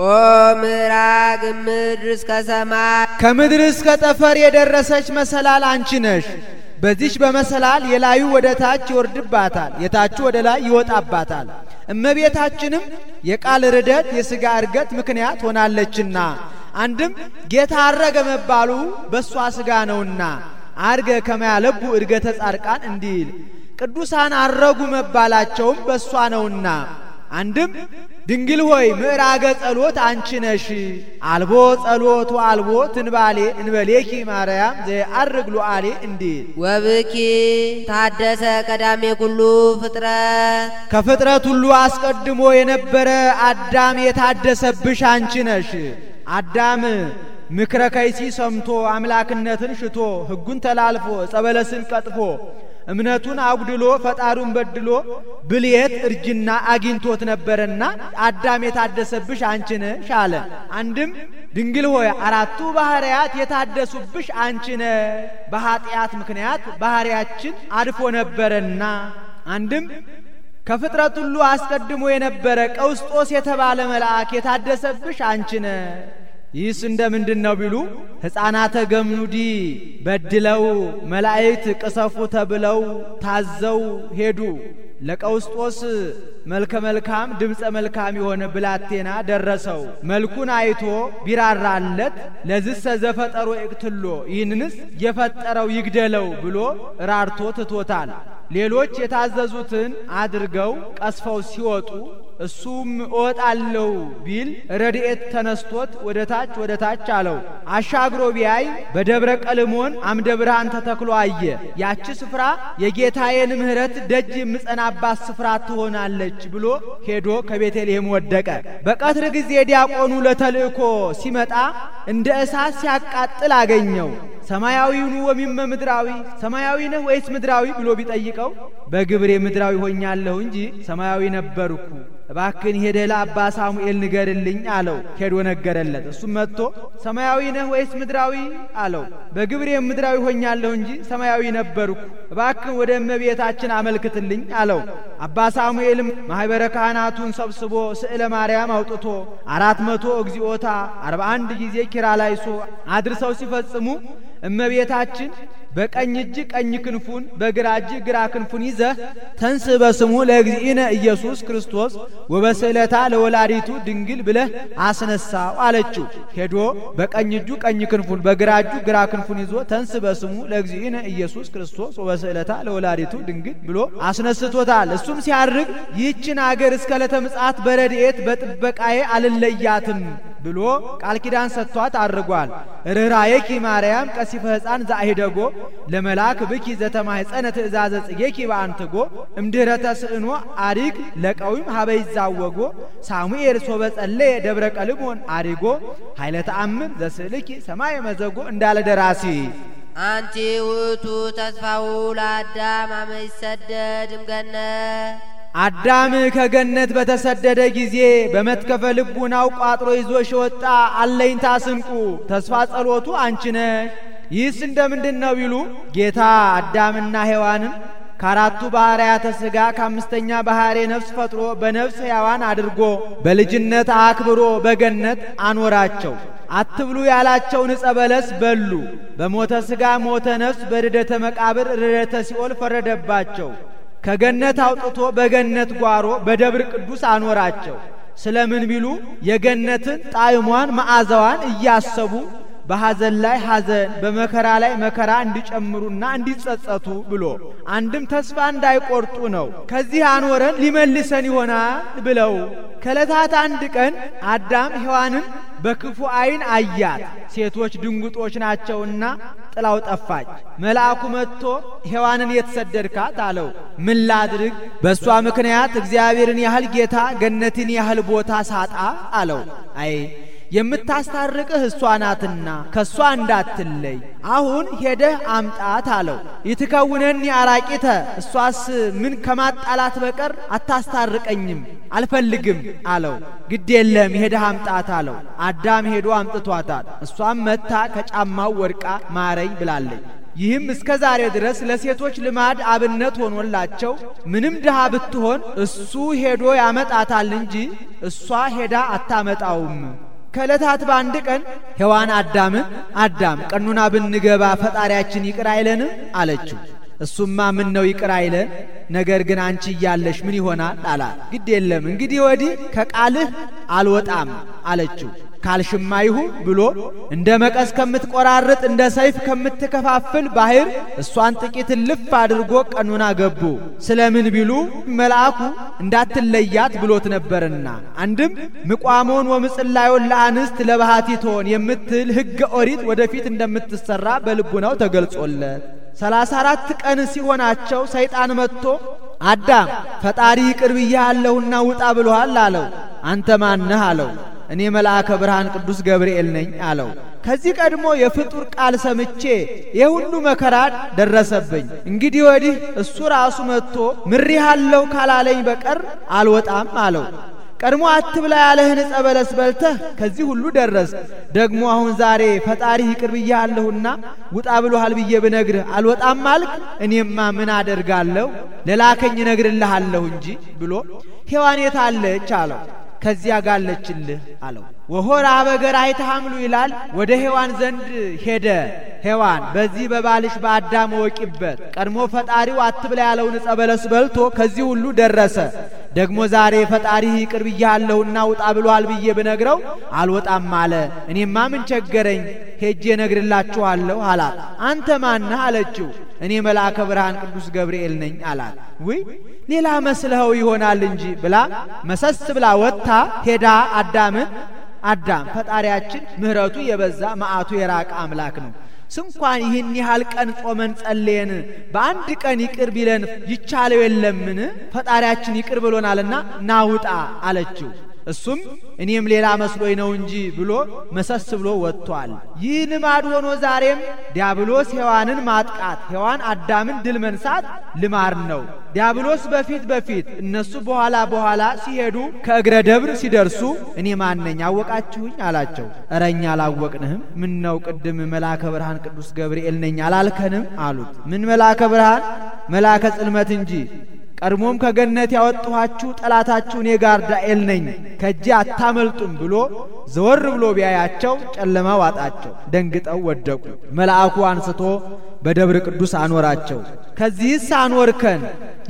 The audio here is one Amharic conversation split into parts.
ኦ ምዕራግ ምድር እስከ ሰማይ ከምድር እስከ ጠፈር የደረሰች መሰላል አንቺ ነሽ። በዚች በመሰላል የላዩ ወደ ታች ይወርድባታል፣ የታቹ ወደ ላይ ይወጣባታል። እመቤታችንም የቃል ርደት የሥጋ እርገት ምክንያት ሆናለችና አንድም ጌታ አረገ መባሉ በእሷ ሥጋ ነውና አርገ ከመያለቡ እርገተ ጻድቃን እንዲል ቅዱሳን አረጉ መባላቸውም በእሷ ነውና አንድም ድንግል ሆይ ምዕራገ ጸሎት አንቺ ነሽ። አልቦ ጸሎቱ አልቦ ትንባሌ እንበሌኪ ማርያም ዘአርግ ሉዓሌ እንዲል ወብኪ ታደሰ ቀዳሜ ኩሉ ፍጥረት ከፍጥረት ሁሉ አስቀድሞ የነበረ አዳም የታደሰብሽ አንቺ ነሽ። አዳም ምክረ ከይሲ ሰምቶ አምላክነትን ሽቶ ሕጉን ተላልፎ ጸበለስን ቀጥፎ እምነቱን አጉድሎ ፈጣሩን በድሎ ብልየት እርጅና አግኝቶት ነበረና አዳም የታደሰብሽ አንቺ ነሽ አለ። አንድም ድንግል ሆይ አራቱ ባህርያት የታደሱብሽ አንቺ ነሽ፣ በኃጢአት ምክንያት ባህርያችን አድፎ ነበረና። አንድም ከፍጥረት ሁሉ አስቀድሞ የነበረ ቀውስጦስ የተባለ መልአክ የታደሰብሽ አንቺ ነሽ ይህስ እንደ ምንድን ነው ቢሉ ሕፃናተ ገምኑዲ በድለው መላእክት ቅሰፉ ተብለው ታዘው ሄዱ። ለቀውስጦስ መልከ መልካም ድምፀ መልካም የሆነ ብላቴና ደረሰው። መልኩን አይቶ ቢራራለት ለዝሰ ዘፈጠሮ ይቅትሎ ይህንንስ የፈጠረው ይግደለው ብሎ ራርቶ ትቶታል። ሌሎች የታዘዙትን አድርገው ቀስፈው ሲወጡ እሱም እወጣለሁ ቢል ረድኤት ተነስቶት ወደ ታች ወደ ታች አለው። አሻግሮ ቢያይ በደብረ ቀልሞን አምደ ብርሃን ተተክሎ አየ። ያቺ ስፍራ የጌታዬን ምሕረት ደጅ የምጸናባት ስፍራ ትሆናለች ብሎ ሄዶ ከቤተልሔም ወደቀ። በቀትር ጊዜ ዲያቆኑ ለተልእኮ ሲመጣ እንደ እሳት ሲያቃጥል አገኘው። ሰማያዊውን ወሚመ ምድራዊ ሰማያዊ ነህ ወይስ ምድራዊ ብሎ ቢጠይቀው በግብሬ ምድራዊ ሆኛለሁ እንጂ ሰማያዊ ነበርኩ። እባክን ሄደህ ለአባ ሳሙኤል ንገርልኝ አለው። ሄዶ ነገረለት። እሱም መጥቶ ሰማያዊ ነህ ወይስ ምድራዊ አለው። በግብሬ ምድራዊ ሆኛለሁ እንጂ ሰማያዊ ነበርኩ። እባክን ወደ እመቤታችን አመልክትልኝ አለው። አባ ሳሙኤልም ማኅበረ ካህናቱን ሰብስቦ ስዕለ ማርያም አውጥቶ አራት መቶ እግዚኦታ አርባ አንድ ጊዜ ኪራ ላይሶ አድርሰው ሲፈጽሙ እመቤታችን በቀኝ እጅ ቀኝ ክንፉን በግራ እጅ ግራ ክንፉን ይዘ ተንስ በስሙ ለእግዚእነ ኢየሱስ ክርስቶስ ወበስዕለታ ለወላዲቱ ድንግል ብለህ አስነሳው አለችው። ሄዶ በቀኝ እጁ ቀኝ ክንፉን በግራ እጁ ግራ ክንፉን ይዞ ተንስ በስሙ ለእግዚእነ ኢየሱስ ክርስቶስ ወበስዕለታ ለወላዲቱ ድንግል ብሎ አስነስቶታል። እሱም ሲያርግ ይህችን አገር እስከ ለተ ምጽአት በረድኤት በጥበቃዬ አልለያትም ብሎ ቃል ኪዳን ሰጥቷት አድርጓል። ርኅራዬኪ ማርያም ቀሲፈ ሕፃን ዛሂደጎ ለመላክ ብኪ ዘተማሕፀነ ትእዛዘ ጽጌኪ በአንትጎ እምድኅረተ ስእኖ አሪግ ለቀዊም ሀበይ ዛወጎ ሳሙኤል ሶበ ጸለየ ደብረ ቀልሞን አሪጎ ኃይለ ተአምር ዘስእልኪ ሰማይ መዘጎ እንዳለ ደራሲ አንቲ ውቱ ተስፋው ለአዳም አመ ይሰደድ እምገነት አዳም ከገነት በተሰደደ ጊዜ በመትከፈ ልቡናው ቋጥሮ ይዞሽ ሽወጣ አለኝታ ስንቁ ተስፋ ጸሎቱ አንቺ ነሽ። ይህስ ምንድን ነው ቢሉ ጌታ አዳምና ሔዋንም ከአራቱ ባሕርያተ ሥጋ ከአምስተኛ ባሕርየ ነፍስ ፈጥሮ በነፍስ ሕያዋን አድርጎ በልጅነት አክብሮ በገነት አኖራቸው። አትብሉ ያላቸውን ዕፀ በለስ በሉ። በሞተ ሥጋ ሞተ ነፍስ፣ በርደተ መቃብር ርደተ ሲኦል ፈረደባቸው። ከገነት አውጥቶ በገነት ጓሮ በደብር ቅዱስ አኖራቸው። ስለምን ቢሉ የገነትን ጣዕሟን መዓዛዋን እያሰቡ በሐዘን ላይ ሐዘን በመከራ ላይ መከራ እንዲጨምሩና እንዲጸጸቱ ብሎ አንድም ተስፋ እንዳይቆርጡ ነው። ከዚህ አኖረን ሊመልሰን ይሆናል ብለው ከዕለታት አንድ ቀን አዳም ሔዋንን በክፉ አይን አያት። ሴቶች ድንጉጦች ናቸውና ጥላው ጠፋች። መልአኩ መጥቶ ሔዋንን የተሰደድካት አለው። ምን ላድርግ? በእሷ ምክንያት እግዚአብሔርን ያህል ጌታ ገነትን ያህል ቦታ ሳጣ አለው። አይ የምታስታርቅህ እሷ ናትና ከእሷ እንዳትለይ አሁን ሄደህ አምጣት አለው። ይትከውነኒ አራቂተ እሷስ ምን ከማጣላት በቀር አታስታርቀኝም አልፈልግም አለው። ግድ የለም ሄደህ አምጣት አለው። አዳም ሄዶ አምጥቷታል። እሷም መታ ከጫማው ወድቃ ማረኝ ብላለች። ይህም እስከ ዛሬ ድረስ ለሴቶች ልማድ አብነት ሆኖላቸው ምንም ድሃ ብትሆን እሱ ሄዶ ያመጣታል እንጂ እሷ ሄዳ አታመጣውም። ከለታት በአንድ ቀን ሔዋን አዳምን አዳም ቀኑና ብንገባ ፈጣሪያችን ይቅር አይለንም አለችው። እሱማ ምን ነው ይቅር አይለን፣ ነገር ግን አንቺ እያለሽ ምን ይሆናል አላት። ግድ የለም እንግዲህ ወዲህ ከቃልህ አልወጣም አለችው። ካልሽማ ይሁን ብሎ እንደ መቀስ ከምትቆራርጥ እንደ ሰይፍ ከምትከፋፍል ባህር እሷን ጥቂት ልፍ አድርጎ ቀኑና ገቡ። ስለምን ቢሉ መልአኩ እንዳትለያት ብሎት ነበርና፣ አንድም ምቋሞን ወምጽላዮን ለአንስት ለባህቲቶን የምትል ሕገ ኦሪት ወደፊት እንደምትሰራ በልቡናው ተገልጾለት ሰላሳ አራት ቀን ሲሆናቸው ሰይጣን መጥቶ አዳም ፈጣሪ ይቅር ብያለሁና ውጣ ብሎሃል አለው። አንተ ማነህ አለው። እኔ መልአከ ብርሃን ቅዱስ ገብርኤል ነኝ አለው። ከዚህ ቀድሞ የፍጡር ቃል ሰምቼ የሁሉ መከራ ደረሰብኝ። እንግዲህ ወዲህ እሱ ራሱ መጥቶ ምሪሃለሁ ካላለኝ በቀር አልወጣም አለው። ቀድሞ አትብላ ያለህን ዕፀ በለስ በልተህ ከዚህ ሁሉ ደረስ። ደግሞ አሁን ዛሬ ፈጣሪ ይቅር ብዬሃለሁና ውጣ ብሎሃል ብዬ ብነግርህ አልወጣም አልክ። እኔማ ምን አደርጋለሁ ለላከኝ እነግርልሃለሁ እንጂ ብሎ ሔዋን የት አለች አለው። ከዚያ ጋለችልህ አለው። ወሆር አበገር አይተሐምሉ ይላል። ወደ ሔዋን ዘንድ ሄደ። ሔዋን በዚህ በባልሽ በአዳም ወቂበት ቀድሞ ፈጣሪው አትብላ ያለውን ዕፀ በለስ በልቶ ከዚህ ሁሉ ደረሰ። ደግሞ ዛሬ ፈጣሪ ይቅር ብያለሁና ውጣ ብሏል ብዬ ብነግረው አልወጣም አለ። እኔማ ምን ቸገረኝ ሄጄ ነግርላችኋለሁ አላት። አንተ ማነህ አለችው። እኔ መልአከ ብርሃን ቅዱስ ገብርኤል ነኝ አላት። ውይ ሌላ መስለኸው ይሆናል እንጂ ብላ መሰስ ብላ ወጥታ ሄዳ አዳምን አዳም ፈጣሪያችን ምሕረቱ የበዛ መዓቱ የራቀ አምላክ ነው ስንኳን ይህን ያህል ቀን ጾመን ጸልየን በአንድ ቀን ይቅር ቢለን ይቻለው የለምን? ፈጣሪያችን ይቅር ብሎናልና ናውጣ አለችው። እሱም እኔም ሌላ መስሎኝ ነው እንጂ ብሎ መሰስ ብሎ ወጥቷል። ይህ ልማድ ሆኖ ዛሬም ዲያብሎስ ሔዋንን ማጥቃት፣ ሔዋን አዳምን ድል መንሳት ልማድ ነው። ዲያብሎስ በፊት በፊት እነሱ በኋላ በኋላ ሲሄዱ ከእግረ ደብር ሲደርሱ እኔ ማነኝ አወቃችሁኝ አላቸው። እረ እኛ አላወቅንህም፣ ምን ነው ቅድም መልአከ ብርሃን ቅዱስ ገብርኤል ነኝ አላልከንም አሉት። ምን መልአከ ብርሃን መልአከ ጽልመት እንጂ ቀድሞም ከገነት ያወጥኋችሁ ጠላታችሁ እኔ ጋር ዳኤል ነኝ ከእጄ አታመልጡም ብሎ ዘወር ብሎ ቢያያቸው ጨለማ ዋጣቸው፣ ደንግጠው ወደቁ። መልአኩ አንስቶ በደብረ ቅዱስ አኖራቸው። ከዚህስ አኖርከን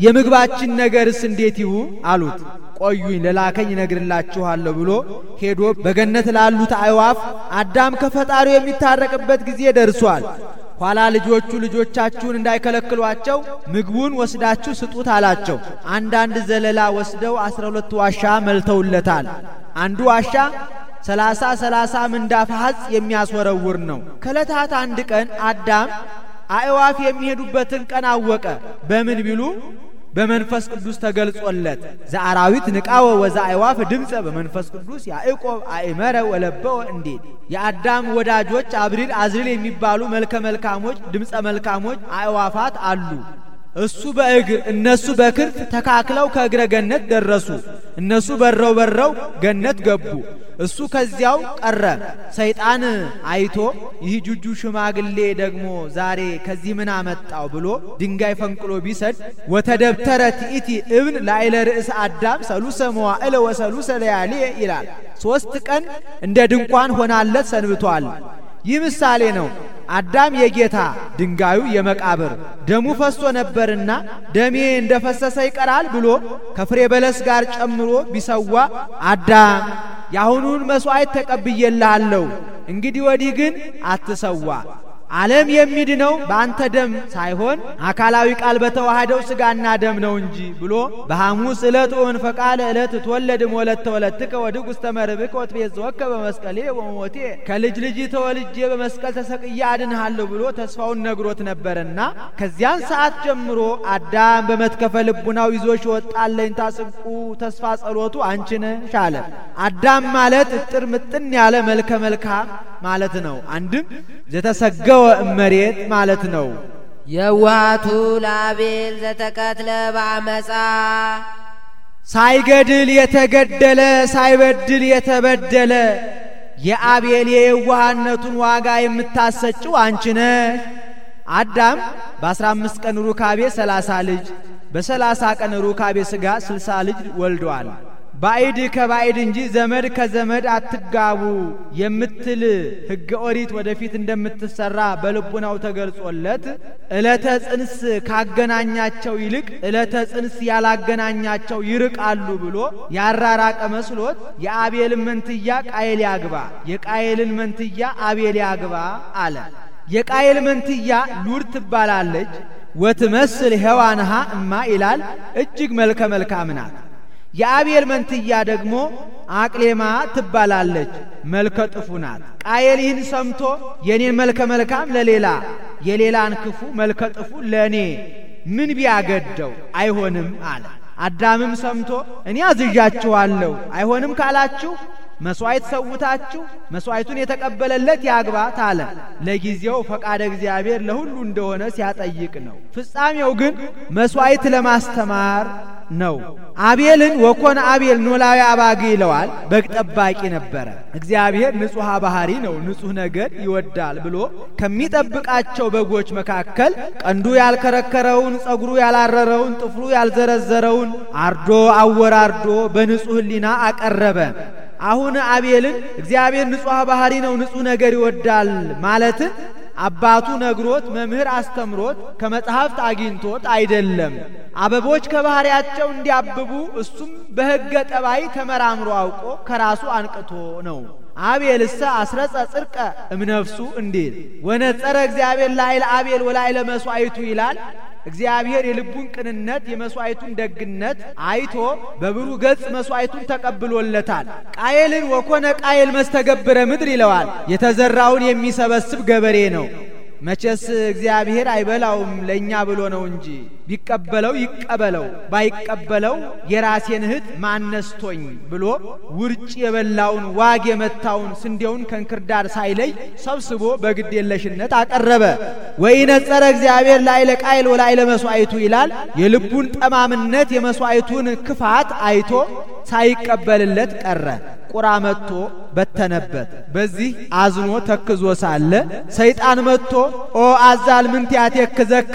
የምግባችን ነገርስ እንዴት ይሁ አሉት። ቆዩኝ ለላከኝ እነግርላችኋለሁ ብሎ ሄዶ በገነት ላሉት አእዋፍ አዳም ከፈጣሪው የሚታረቅበት ጊዜ ደርሷል ኋላ ልጆቹ ልጆቻችሁን እንዳይከለክሏቸው ምግቡን ወስዳችሁ ስጡት አላቸው። አንዳንድ ዘለላ ወስደው አስራ ሁለት ዋሻ መልተውለታል። አንዱ ዋሻ ሰላሳ ሰላሳ ምንዳፍ ሐጽ የሚያስወረውር ነው። ከዕለታት አንድ ቀን አዳም አእዋፍ የሚሄዱበትን ቀን አወቀ። በምን ቢሉ በመንፈስ ቅዱስ ተገልጾለት ዘአራዊት ንቃወ ወዛ አይዋፍ ድምፀ በመንፈስ ቅዱስ ያዕቆብ አእመረ ወለበወ እንዴት የአዳም ወዳጆች አብሪል አዝሪል የሚባሉ መልከ መልካሞች ድምፀ መልካሞች አእዋፋት አሉ። እሱ በእግር እነሱ በክርት ተካክለው ከእግረ ገነት ደረሱ። እነሱ በረው በረው ገነት ገቡ። እሱ ከዚያው ቀረ። ሰይጣን አይቶ ይህ ጁጁ ሽማግሌ ደግሞ ዛሬ ከዚህ ምን አመጣው ብሎ ድንጋይ ፈንቅሎ ቢሰድ ወተደብተረ ትኢቲ እብን ላይለ ርእስ አዳም ሰሉሰ መዋዕለ ወሰሉሰ ለያሌ ይላል። ሦስት ቀን እንደ ድንኳን ሆናለት ሰንብቷል። ይህ ምሳሌ ነው። አዳም የጌታ ድንጋዩ የመቃብር ደሙ ፈሶ ነበርና ደሜ እንደ ፈሰሰ ይቀራል ብሎ ከፍሬ በለስ ጋር ጨምሮ ቢሰዋ አዳም የአሁኑን መሥዋዕት ተቀብዬልሃለሁ፣ እንግዲህ ወዲህ ግን አትሰዋ ዓለም የሚድነው በአንተ ደም ሳይሆን አካላዊ ቃል በተዋህደው ስጋና ደም ነው እንጂ ብሎ በሐሙስ ዕለት ኦን ፈቃለ ዕለት ትወለድ ወለተ ወለትከ ወድግ ውስተ መርብከ ወትቤዝወከ በመስቀሌ ወሞቴ ከልጅ ልጅ ተወልጄ በመስቀል ተሰቅዬ አድንሃለሁ ብሎ ተስፋውን ነግሮት ነበርና ከዚያን ሰዓት ጀምሮ አዳም በመትከፈ ልቡናው ይዞሽ ወጣለኝ ታስቁ ተስፋ ጸሎቱ አንቺንሽ አለ። አዳም ማለት እጥር ምጥን ያለ መልከ መልካም ማለት ነው። አንድም ዘተሰገው እመሬት ማለት ነው። የዋቱ ላቤል ዘተቀትለ ባመፃ ሳይገድል የተገደለ ሳይበድል የተበደለ የአቤል የየዋሃነቱን ዋጋ የምታሰጭው አንቺ ነሽ። አዳም በአስራ አምስት ቀን ሩካቤ ሰላሳ ልጅ በሰላሳ ቀን ሩካቤ ሥጋ ስልሳ ልጅ ወልደዋል። ባዕድ ከባዕድ እንጂ ዘመድ ከዘመድ አትጋቡ የምትል ሕገ ኦሪት ወደፊት እንደምትሰራ በልቡናው ተገልጾለት እለተ ጽንስ ካገናኛቸው ይልቅ እለተ ጽንስ ያላገናኛቸው ይርቃሉ ብሎ ያራራቀ መስሎት የአቤልን መንትያ ቃየል ያግባ፣ የቃየልን መንትያ አቤል ያግባ አለ። የቃየል መንትያ ሉድ ትባላለች። ወትመስል ሔዋንሃ እማ ይላል። እጅግ መልከ መልካም ናት። የአቤል መንትያ ደግሞ አቅሌማ ትባላለች። መልከ ጥፉ ናት። ቃየል ይህን ሰምቶ የኔን መልከ መልካም ለሌላ የሌላን ክፉ መልከ ጥፉ ለእኔ ምን ቢያገደው አይሆንም አለ። አዳምም ሰምቶ እኔ አዝዣችኋለሁ አይሆንም ካላችሁ መስዋዕት ሰውታችሁ መስዋዕቱን የተቀበለለት ያግባት አለ። ለጊዜው ፈቃደ እግዚአብሔር ለሁሉ እንደሆነ ሲያጠይቅ ነው። ፍጻሜው ግን መስዋዕት ለማስተማር ነው። አቤልን ወኮነ አቤል ኖላዊ አባግ ይለዋል። በግ ጠባቂ ነበረ። እግዚአብሔር ንጹሐ ባህሪ ነው፣ ንጹሕ ነገር ይወዳል ብሎ ከሚጠብቃቸው በጎች መካከል ቀንዱ ያልከረከረውን፣ ጸጉሩ ያላረረውን፣ ጥፍሩ ያልዘረዘረውን አርዶ አወራርዶ በንጹሕ ሕሊና አቀረበ። አሁን አቤልን እግዚአብሔር ንጹሃ ባህሪ ነው፣ ንጹሕ ነገር ይወዳል ማለትን አባቱ ነግሮት መምህር አስተምሮት ከመጽሐፍት አግኝቶት አይደለም። አበቦች ከባህሪያቸው እንዲያብቡ እሱም በሕገ ጠባይ ተመራምሮ አውቆ ከራሱ አንቅቶ ነው። አቤልሰ አስረጸ ጽድቀ እምነፍሱ እንዲል ወነጸረ እግዚአብሔር ላይለ አቤል ወላይለ መስዋዕቱ ይላል። እግዚአብሔር የልቡን ቅንነት የመስዋዕቱን ደግነት አይቶ በብሩህ ገጽ መስዋዕቱን ተቀብሎለታል። ቃየልን ወኮነ ቃየል መስተገብረ ምድር ይለዋል። የተዘራውን የሚሰበስብ ገበሬ ነው። መቼስ እግዚአብሔር አይበላውም ለእኛ ብሎ ነው እንጂ ቢቀበለው ይቀበለው፣ ባይቀበለው የራሴን እህት ማነስቶኝ ብሎ ውርጭ የበላውን ዋግ የመታውን ስንዴውን ከእንክርዳድ ሳይለይ ሰብስቦ በግድ የለሽነት አቀረበ። ወይነጸረ እግዚአብሔር ላዕለ ለቃይል ወላዕለ መሥዋዕቱ ይላል። የልቡን ጠማምነት የመሥዋዕቱን ክፋት አይቶ ሳይቀበልለት ቀረ። ቁራ መጥቶ በተነበት። በዚህ አዝኖ ተክዞ ሳለ ሰይጣን መጥቶ ኦ አዛል ምንቲያት የክዘከ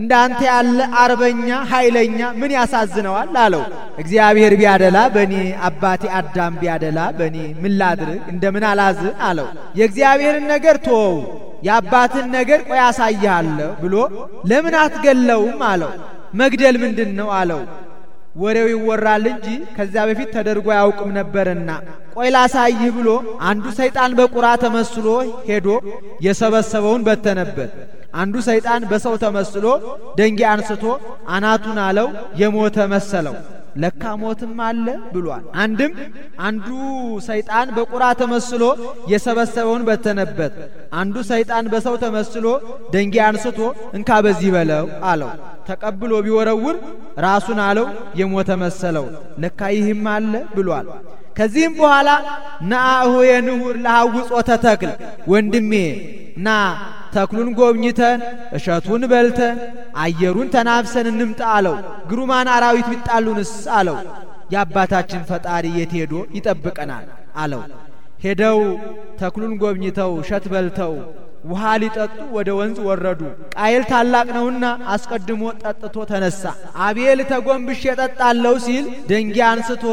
እንዳንተ ያለ አርበኛ ኃይለኛ ምን ያሳዝነዋል አለው። እግዚአብሔር ቢያደላ በእኔ አባቴ አዳም ቢያደላ በእኔ ምን ላድርግ እንደምን አላዝን አለው። የእግዚአብሔርን ነገር ተወው የአባትን ነገር ቆይ ያሳይሃለሁ ብሎ ለምን አትገለውም አለው። መግደል ምንድን ነው አለው። ወሬው ይወራል እንጂ ከዚያ በፊት ተደርጎ አያውቅም ነበርና ቆይ ላሳይህ ብሎ አንዱ ሰይጣን በቁራ ተመስሎ ሄዶ የሰበሰበውን በተነበት። አንዱ ሰይጣን በሰው ተመስሎ ደንጌ አንስቶ አናቱን አለው፣ የሞተ መሰለው። ለካ ሞትም አለ ብሏል። አንድም አንዱ ሰይጣን በቁራ ተመስሎ የሰበሰበውን በተነበት። አንዱ ሰይጣን በሰው ተመስሎ ደንጌ አንስቶ እንካ በዚህ በለው አለው። ተቀብሎ ቢወረውር ራሱን አለው የሞተ መሰለው። ለካ ይህም አለ ብሏል። ከዚህም በኋላ ናአሁ የንሁር ለሐውጾ ተተክል ወንድሜ ና ተክሉን ጎብኝተን እሸቱን በልተን አየሩን ተናፍሰን እንምጣ አለው። ግሩማን አራዊት ቢጣሉንስ አለው። የአባታችን ፈጣሪ የት ሄዶ ይጠብቀናል አለው። ሄደው ተክሉን ጎብኝተው እሸት በልተው ውሃ ሊጠጡ ወደ ወንዝ ወረዱ። ቃየል ታላቅ ነውና አስቀድሞ ጠጥቶ ተነሳ። አቤል ተጎንብሼ እጠጣለሁ ሲል ደንጊያ አንስቶ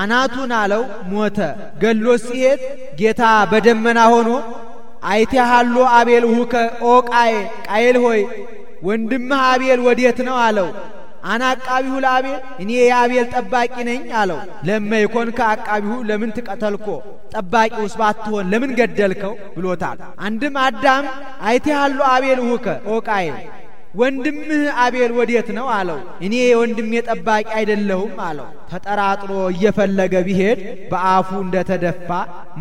አናቱን አለው፣ ሞተ። ገሎ ሲሄድ ጌታ በደመና ሆኖ አይቴሃሎ አቤል ውከ ኦ ቃይ ቃየል ሆይ ወንድምህ አቤል ወዴት ነው አለው። አና አቃቢሁ ለአቤል እኔ የአቤል ጠባቂ ነኝ አለው። ለመ ይኮንከ አቃቢሁ ለምን ትቀተልኮ ጠባቂውስ ባትሆን ለምን ገደልከው ብሎታል። አንድም አዳም አይቴሃሉ አቤል ውከ ኦቃይ ወንድምህ አቤል ወዴት ነው አለው። እኔ የወንድሜ ጠባቂ አይደለሁም አለው። ተጠራጥሮ እየፈለገ ቢሄድ በአፉ እንደተደፋ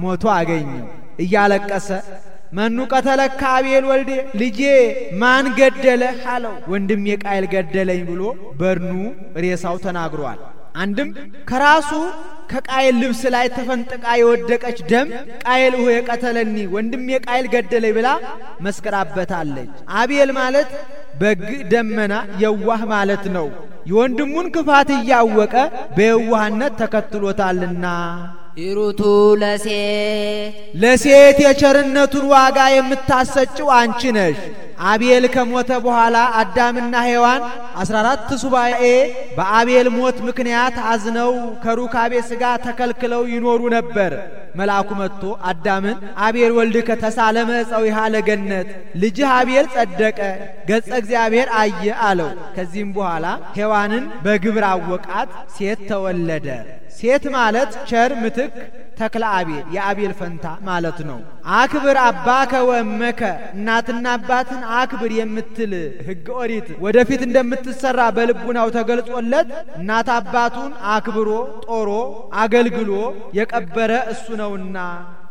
ሞቶ አገኘው። እያለቀሰ መኑ ቀተለካ አቤል ወልዴ ልጄ ማን ገደለህ አለው። ወንድም የቃይል ገደለኝ ብሎ በድኑ ሬሳው ተናግሯል። አንድም ከራሱ ከቃይል ልብስ ላይ ተፈንጥቃ የወደቀች ደም ቃይል ሁ የቀተለኒ ወንድም የቃይል ገደለኝ ብላ መስክራበታለች። አቤል ማለት በግ ደመና የዋህ ማለት ነው። የወንድሙን ክፋት እያወቀ በየዋህነት ተከትሎታልና ይሩቱ ለሴት ለሴት የቸርነቱን ዋጋ የምታሰጭው አንቺ ነሽ። አቤል ከሞተ በኋላ አዳምና ሔዋን አስራ አራት ሱባኤ በአቤል ሞት ምክንያት አዝነው ከሩካቤ ሥጋ ተከልክለው ይኖሩ ነበር። መልአኩ መጥቶ አዳምን አቤል ወልድከ ተሳለመ ዕፀዊሃ ለገነት፣ ልጅህ አቤል ጸደቀ፣ ገጸ እግዚአብሔር አየ አለው። ከዚህም በኋላ ሔዋንን በግብር አወቃት፣ ሴት ተወለደ። ሴት ማለት ቸር ምትክ ተክለ አቤል የአቤል ፈንታ ማለት ነው። አክብር አባከ ወእመከ እናትና አባትን አክብር የምትል ሕገ ኦሪት ወደፊት እንደምትሰራ በልቡናው ተገልጾለት እናት አባቱን አክብሮ ጦሮ አገልግሎ የቀበረ እሱ ነውና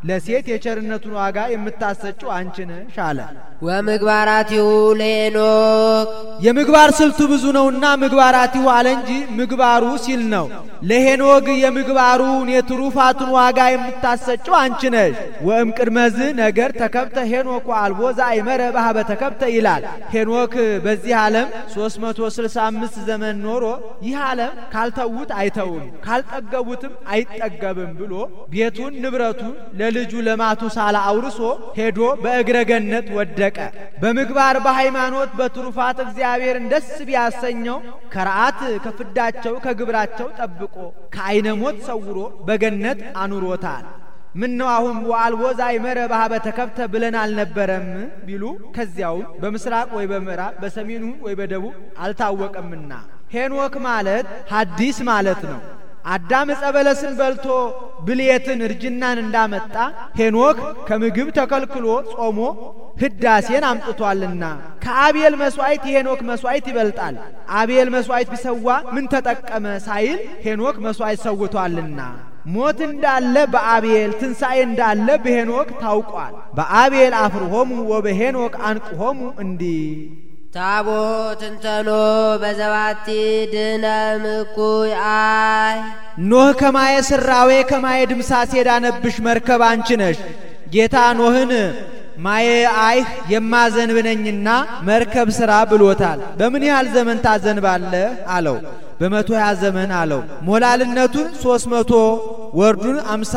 ለሴት የቸርነቱን ዋጋ የምታሰጩ አንቺ ነሽ አለ። ወምግባራቲሁ ለሄኖክ የምግባር ስልቱ ብዙ ነውና ምግባራቲሁ አለ እንጂ ምግባሩ ሲል ነው። ለሄኖክ የምግባሩን የትሩፋቱን ዋጋ የምታሰጩ አንቺ ነሽ። ወእም ቅድመዝ ነገር ተከብተ ሄኖክ አልቦ ዘአይመረ ባህበ ተከብተ ይላል። ሄኖክ በዚህ ዓለም 365 ዘመን ኖሮ ይህ ዓለም ካልተዉት አይተውም ካልጠገቡትም አይጠገብም ብሎ ቤቱን ንብረቱን ለልጁ ለማቱሳላ አውርሶ ሄዶ በእግረ ገነት ወደቀ። በምግባር በሃይማኖት በትሩፋት እግዚአብሔርን ደስ ቢያሰኘው ከረአት ከፍዳቸው ከግብራቸው ጠብቆ ከአይነ ሞት ሰውሮ በገነት አኑሮታል። ምን ነው አሁን ወአልቦ ዛእመረ በኀበ ተከብተ ብለን አልነበረም ቢሉ ከዚያው በምስራቅ ወይ በምዕራብ በሰሜኑ ወይ በደቡብ አልታወቀምና ሄኖክ ማለት ሐዲስ ማለት ነው። አዳም ዕጸ በለስን በልቶ ብልየትን እርጅናን እንዳመጣ ሄኖክ ከምግብ ተከልክሎ ጾሞ ሕዳሴን አምጥቷልና ከአቤል መሥዋዕት የሄኖክ መሥዋዕት ይበልጣል። አቤል መሥዋዕት ቢሰዋ ምን ተጠቀመ ሳይል ሄኖክ መሥዋዕት ሰውቷልና ሞት እንዳለ በአቤል ትንሣኤ እንዳለ በሄኖክ ታውቋል። አፍር አፍርሆሙ ወበሄኖክ አንቅሆሙ እንዲ ታቦት እንተኖ በዘባቲ ድነ ምኩይ አይ ኖህ ከማየ ስራዌ ከማየ ድምሳ ነብሽ መርከብ አንቺ ነሽ። ጌታ ኖህን ማየ አይህ የማዘንብነኝና መርከብ ስራ ብሎታል። በምን ያህል ዘመን ታዘንባለህ አለው። በመቶ ሀያ ዘመን አለው። ሞላልነቱን ሶስት መቶ ወርዱን አምሳ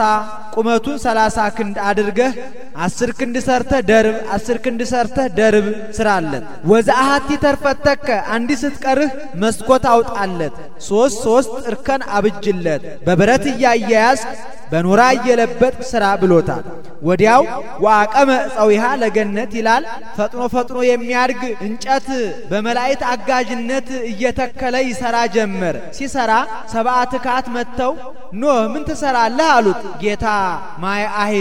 ቁመቱን ሰላሳ ክንድ አድርገህ አስር ክንድ ሰርተ ደርብ አስር ክንድ ሰርተ ደርብ ስራለት። ወዛአሃቲ ተርፈተከ አንዲት ስትቀርህ መስኮት አውጣለት። ሶስት ሶስት እርከን አብጅለት በብረት እያያያዝክ በኖራ እየለበጥ ስራ ብሎታል። ወዲያው ወአቀመ ጸዊሃ ለገነት ይላል። ፈጥኖ ፈጥኖ የሚያድግ እንጨት በመላእክት አጋዥነት እየተከለ ይሰራ ጀመር። ሲሰራ ሰብአ ትካት መጥተው ኖህ ምን ትሰራለህ አሉት። ጌታ ማይ አህ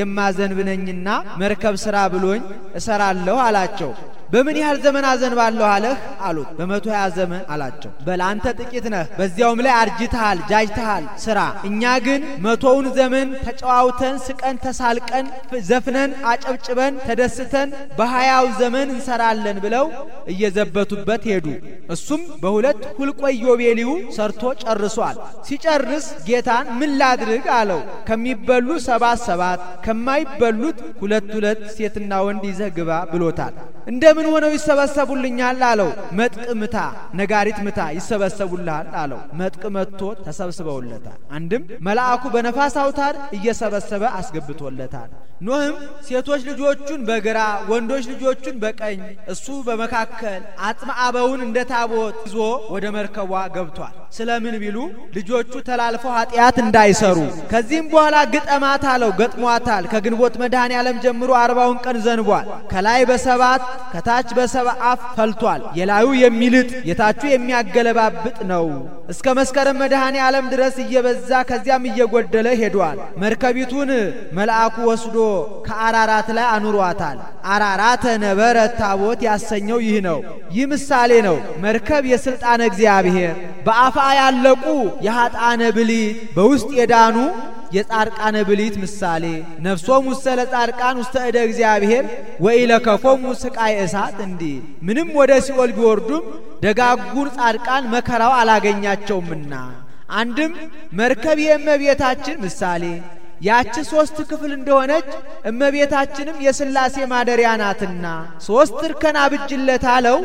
የማዘንብነኝና መርከብ ስራ ብሎኝ እሰራለሁ አላቸው። በምን ያህል ዘመን አዘንባለሁ አለህ አሉት። በመቶ ሀያ ዘመን አላቸው። በላንተ ጥቂት ነህ፣ በዚያውም ላይ አርጅተሃል፣ ጃጅተሃል፣ ስራ። እኛ ግን መቶውን ዘመን ተጨዋውተን፣ ስቀን፣ ተሳልቀን፣ ዘፍነን፣ አጨብጭበን፣ ተደስተን በሀያው ዘመን እንሰራለን ብለው እየዘበቱበት ሄዱ። እሱም በሁለት ሁልቆ ዮቤሊው ሰርቶ ጨርሷል። ሲጨርስ ጌታን ምን ላድርግ አለው። ከሚበሉ ሰባት ሰባት ከማይበሉት ሁለት ሁለት ሴትና ወንድ ይዘህ ግባ ብሎታል። እንደምን ሆነው ይሰበሰቡልኛል አለው። መጥቅ ምታ፣ ነጋሪት ምታ፣ ይሰበሰቡልሃል አለው። መጥቅ መጥቶ ተሰብስበውለታል። አንድም መልአኩ በነፋስ አውታር እየሰበሰበ አስገብቶለታል። ኖህም ሴቶች ልጆቹን በግራ ወንዶች ልጆቹን በቀኝ እሱ በመካከል አጽማአበውን እንደ ታቦት ይዞ ወደ መርከቧ ገብቷል። ስለምን ቢሉ ልጆቹ ተላልፈው ኃጢአት እንዳይሰሩ። ከዚህም በኋላ ግጠማት አለው። ገጥሟታል። ከግንቦት መድኃኔ ዓለም ጀምሮ አርባውን ቀን ዘንቧል። ከላይ በሰባት ከታች በሰባ አፍ ፈልቷል። የላዩ የሚልጥ የታቹ የሚያገለባብጥ ነው። እስከ መስከረም መድኃኔ ዓለም ድረስ እየበዛ ከዚያም እየጎደለ ሄዷል። መርከቢቱን መልአኩ ወስዶ ከአራራት ላይ አኑሯታል። አራራተ ነበረ ታቦት ያሰኘው ይህ ነው። ይህ ምሳሌ ነው። መርከብ የሥልጣን እግዚአብሔር በአፋ ያለቁ የኀጣነ ብሊ በውስጥ የዳኑ የጻድቃነ ብሊት ምሳሌ ነፍሶም ውስተ ለጻድቃን ውስተ እደ እግዚአብሔር ወኢለከፎም ስቃይ እሳት እንዲ ምንም ወደ ሲኦል ቢወርዱም ደጋጉን ጻድቃን መከራው አላገኛቸውምና አንድም መርከብ የእመቤታችን ምሳሌ ያቺ ሶስት ክፍል እንደሆነች እመቤታችንም የስላሴ ማደሪያ ናትና ሶስት እርከን አብጅለት አለው።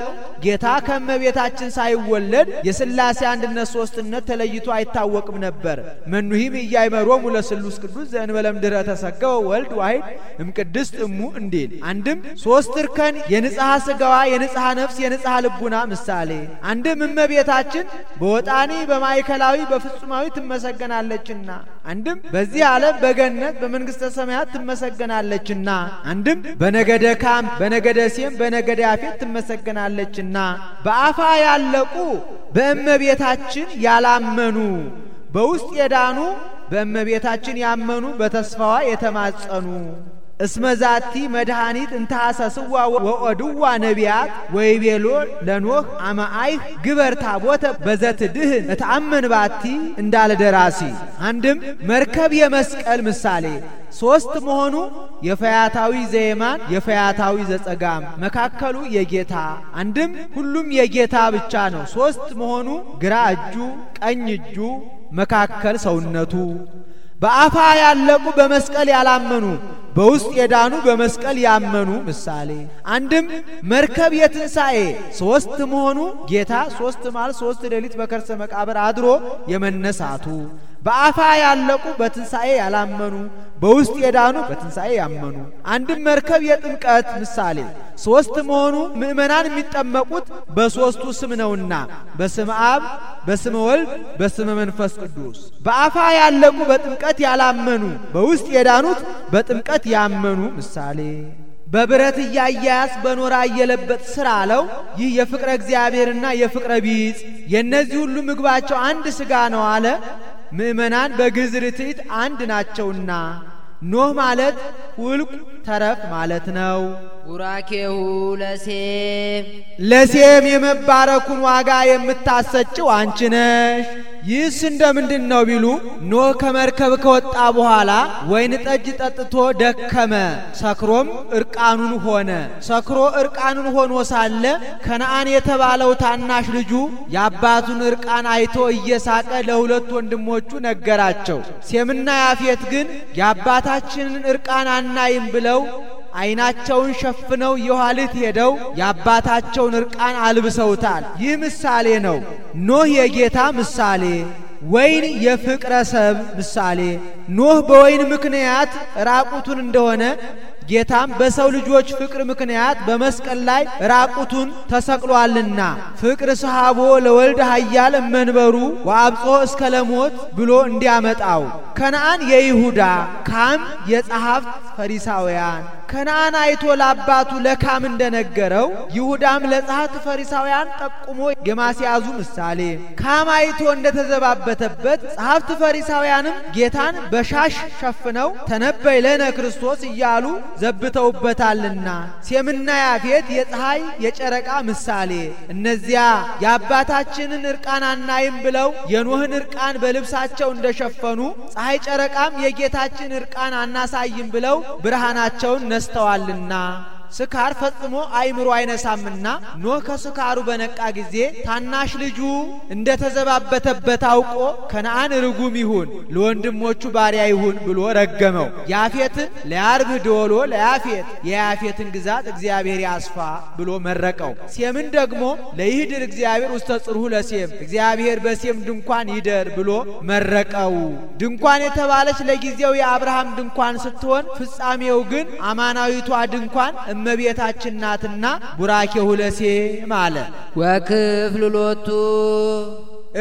ጌታ ከእመቤታችን ሳይወለድ የስላሴ አንድነት ሶስትነት ተለይቶ አይታወቅም ነበር። መኑሂም እያይመሮሙ ለስሉስ ቅዱስ ዘእንበለ ድረ ተሰገወ ወልድ ዋሂድ እምቅድስት እሙ እንዲል አንድም ሶስት እርከን የንጽሐ ስጋዋ የንጽሐ ነፍስ የንጽሐ ልቡና ምሳሌ አንድም እመቤታችን በወጣኒ በማዕከላዊ በፍጹማዊ ትመሰገናለችና አንድም በዚህ ዓለም በገነት በመንግሥተ ሰማያት ትመሰገናለችና አንድም በነገደ ካም በነገደ ሴም በነገደ ያፌት ትመሰገናለችና በአፋ ያለቁ በእመቤታችን ያላመኑ በውስጥ የዳኑ በእመቤታችን ያመኑ በተስፋዋ የተማጸኑ እስመዛቲ መድኃኒት እንተሐሰስዋ ወኦድዋ ነቢያት ወይቤሎ ለኖህ አማአይህ ግበር ታቦተ በዘትድህን እተአመን ባቲ እንዳለ ደራሲ። አንድም መርከብ የመስቀል ምሳሌ ሶስት መሆኑ የፈያታዊ ዘየማን የፈያታዊ ዘጸጋም መካከሉ የጌታ አንድም ሁሉም የጌታ ብቻ ነው። ሶስት መሆኑ ግራ እጁ፣ ቀኝ እጁ፣ መካከል ሰውነቱ በአፋ ያለቁ በመስቀል ያላመኑ በውስጥ የዳኑ በመስቀል ያመኑ ምሳሌ። አንድም መርከብ የትንሣኤ ሶስት መሆኑ ጌታ ሶስት ማል ሶስት ሌሊት በከርሰ መቃብር አድሮ የመነሳቱ በአፋ ያለቁ በትንሣኤ ያላመኑ በውስጥ የዳኑ በትንሣኤ ያመኑ። አንድም መርከብ የጥምቀት ምሳሌ ሶስት መሆኑ ምእመናን የሚጠመቁት በሶስቱ ስም ነውና በስመ አብ፣ በስመ ወልድ፣ በስመ መንፈስ ቅዱስ። በአፋ ያለቁ በጥምቀት ያላመኑ በውስጥ የዳኑት በጥምቀት በጥልቀት ያመኑ ምሳሌ በብረት እያያያስ በኖራ እየለበጥ ስራ አለው። ይህ የፍቅረ እግዚአብሔርና የፍቅረ ቢጽ የእነዚህ ሁሉ ምግባቸው አንድ ሥጋ ነው አለ። ምእመናን በግዝር ትዕት አንድ ናቸውና ኖህ ማለት ውልቅ ተረፍ ማለት ነው። ቡራኬሁ ለሴም ለሴም የመባረኩን ዋጋ የምታሰጭው አንቺ ነሽ። ይህስ እንደ ምንድን ነው ቢሉ ኖህ ከመርከብ ከወጣ በኋላ ወይን ጠጅ ጠጥቶ ደከመ፣ ሰክሮም እርቃኑን ሆነ። ሰክሮ እርቃኑን ሆኖ ሳለ ከነአን የተባለው ታናሽ ልጁ የአባቱን እርቃን አይቶ እየሳቀ ለሁለት ወንድሞቹ ነገራቸው። ሴምና ያፌት ግን የአባታችንን እርቃን አናይም ብለው ዓይናቸውን ሸፍነው የኋሊት ሄደው የአባታቸውን እርቃን አልብሰውታል። ይህ ምሳሌ ነው። ኖህ የጌታ ምሳሌ፣ ወይን የፍቅረ ሰብ ምሳሌ። ኖህ በወይን ምክንያት ራቁቱን እንደሆነ ጌታም በሰው ልጆች ፍቅር ምክንያት በመስቀል ላይ ራቁቱን ተሰቅሏልና ፍቅር ሰሃቦ ለወልድ ሀያል እመንበሩ ወአብጽሖ እስከ ለሞት ብሎ እንዲያመጣው ከነአን የይሁዳ ካም የጸሐፍት ፈሪሳውያን ከነአን አይቶ ለአባቱ ለካም እንደነገረው ይሁዳም ለጸሐት ፈሪሳውያን ጠቁሞ የማስያዙ ምሳሌ ካም አይቶ እንደተዘባበተበት ጸሐፍት ፈሪሳውያንም ጌታን በሻሽ ሸፍነው ተነበይ ለነ ክርስቶስ እያሉ ዘብተውበታልና ሴምና ያፌት የፀሐይ የጨረቃ ምሳሌ እነዚያ የአባታችንን እርቃን አናይም ብለው የኖህን እርቃን በልብሳቸው እንደሸፈኑ ፀሐይ ጨረቃም የጌታችን እርቃን አናሳይም ብለው ብርሃናቸውን مستوالنا ስካር ፈጽሞ አይምሮ አይነሳምና ኖህ ከስካሩ በነቃ ጊዜ ታናሽ ልጁ እንደተዘባበተበት አውቆ ከነአን ርጉም ይሁን ለወንድሞቹ ባሪያ ይሁን ብሎ ረገመው። ያፌትን ለያርብ ደወሎ ለያፌት የያፌትን ግዛት እግዚአብሔር ያስፋ ብሎ መረቀው። ሴምን ደግሞ ለይህድር እግዚአብሔር ውስተ ጽርሁ ለሴም እግዚአብሔር በሴም ድንኳን ይደር ብሎ መረቀው። ድንኳን የተባለች ለጊዜው የአብርሃም ድንኳን ስትሆን ፍጻሜው ግን አማናዊቷ ድንኳን እመቤታችን ናትና ቡራኬ ሁለሴም አለ። ወክፍል ሎቱ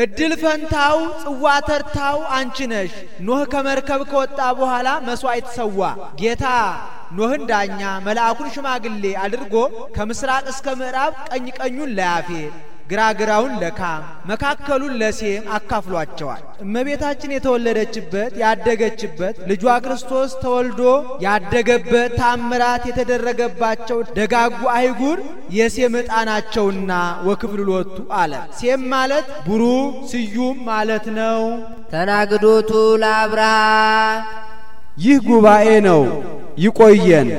እድል ፈንታው ጽዋ ተርታው አንቺ ነሽ። ኖህ ከመርከብ ከወጣ በኋላ መሥዋዕት ሰዋ ጌታ ኖህን ዳኛ መልአኩን ሽማግሌ አድርጎ ከምስራቅ እስከ ምዕራብ ቀኝ ቀኙን ለያፌ ግራግራውን ለካም መካከሉን ለሴም አካፍሏቸዋል። እመቤታችን የተወለደችበት ያደገችበት፣ ልጇ ክርስቶስ ተወልዶ ያደገበት፣ ታምራት የተደረገባቸው ደጋጉ አይጉር የሴም ዕጣ ናቸውና ወክፍልሎቱ አለ። ሴም ማለት ብሩህ ስዩም ማለት ነው። ተናግዶቱ ለአብርሃ ይህ ጉባኤ ነው። ይቆየን።